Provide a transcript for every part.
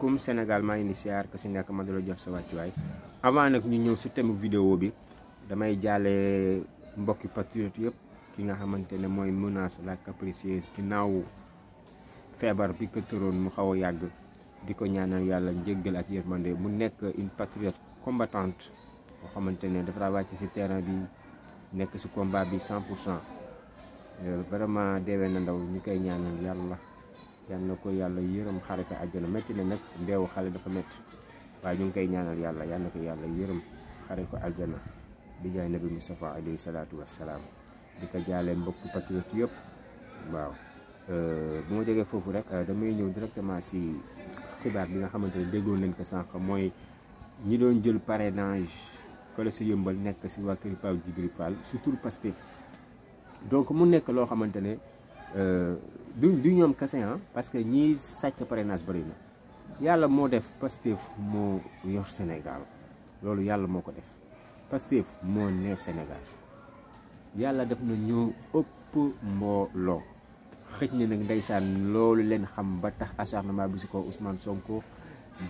comme Sénégal maa ngi ni siyaar ka si nekk ma dala jox sa waay avant nag ñu ñëw si thème vidéo bi damay jaale mbokki patriote yëpp ki nga xamante ne mooy menace la capricieuse ginnaaw feebar bi ko mu xaw a yàgg di ko ñaanal yàlla njëggal ak yërmande mu nekk une patriote combattante boo xamante ne dafa wàcc si terrain bi nekk si combat bi 100 pour cent euh, vraiment deewee na ndaw ñu koy ñaanal yàlla yal na ko yàlla yërëm xare ko àjjana métti na nag deewu xale dafa métti waaye ñu ngi koy ñaanal yàlla yal na ko yàlla yërëm xare ko àjjana di jaay nabi Moustapha alayhi salaatu wassalaam di ko jaale mbokk patriote yëpp waaw euh, bu ma jógee foofu rek euh, damay ñëw directement si xibaar bi nga xamante ne déggoon nañ ko sànq mooy ñi doon jël parrainage fële si yëmbal nekk si waa kër Pape Djibril Fall surtout Pastef donc mu nekk loo xamante ne euh, du du ñoom kese ah parce que ñiy sàcc parrainage bëri na yàlla moo def Pastef moo yor Sénégal loolu yàlla moo ko def Pastef moo ne Sénégal yàlla def na ñoo ëpp mbooloo xëj na nag ndeysaan loolu leen xam ba tax acharnement bi si ko Ousmane Sonko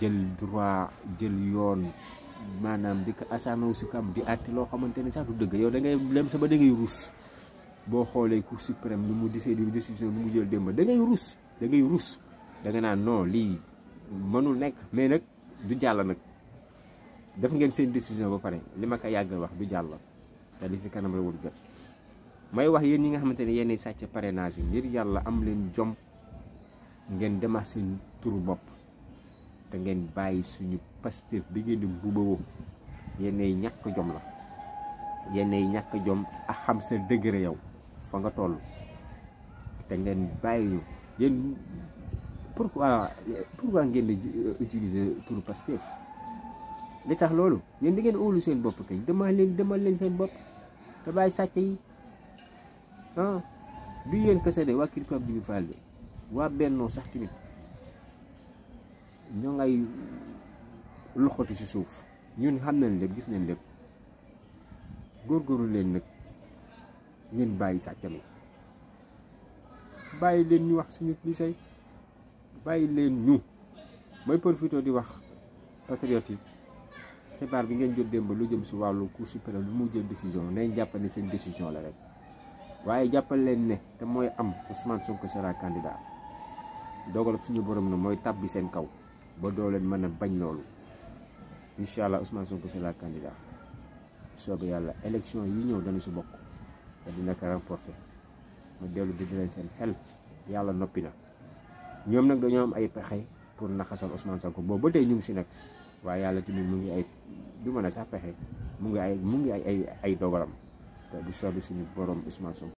jël droit jël yoon maanaam di ko acharné wu si kam di àtte loo xamante ne sax dëgg yow da ngay sa ba da ruus. boo xoolee cour suprême nu mu di di décision nu mu jël démb da ngay rus da ngay rus da nga naan non lii mënul nekk mais nag du jàll nag def ngeen seen décision ba pare li ma ko yàgg wax du jàll te li si kanam rawul gët may wax yéen yi nga xamante ne yéenay sàcc parrainage yi ngir yàlla am leen jom ngeen demax seen turu bopp te ngeen bàyyi suñu Pastef bi ngeen di mbubawoo yéenay ñàkk jom la yéenay ñàkk jom ak xam sa dëgëre yow fa nga toll te ngeen bàyyi ñu yéen pourquoi pourquoi ngeen di euh, utiliser turu Pastef li tax loolu yéen di ngeen óolu seen bopp kañ demal leen demal leen seen bopp te bàyyi sàcc yi ah du yéen kese de waa kii Pape Djibril Fall bi waa Bennoo sax tamit ñoo ngay loxoti si suuf ñun xam nañ lépp gis nañ lépp góorgóorlu leen nag. ngeen bàyyi sàcc bàyyi leen ñu wax suñu lycée bàyyi leen ñu may profité di wax patriote yi xibaar bi ngeen jot démb lu jëm si wàllu cour suprême lu mu jël décision nañ jàpp ne seen décision la rek waaye jàppal leen ne te mooy am Ousmane Sonko sera candidat dogalab suñu borom na mooy tàbbi seen kaw ba doo leen mën a bañ loolu incha allah Ousmane Sonko sera candidat soobee yàlla élection yi ñëw dana si bokk. te dina ko remporté ma dellu di leen seen xel yàlla noppi na ñoom nag dañoo am ay pexe pour naxasal Ousmane Sonko boobu ba tey ñu ngi si nag waaye yàlla tamit mu ngi ay du mën a sax pexe mu ngi ay mu ngi ay ay ay dogalam te bu soobee suñu borom Ousmane Sonko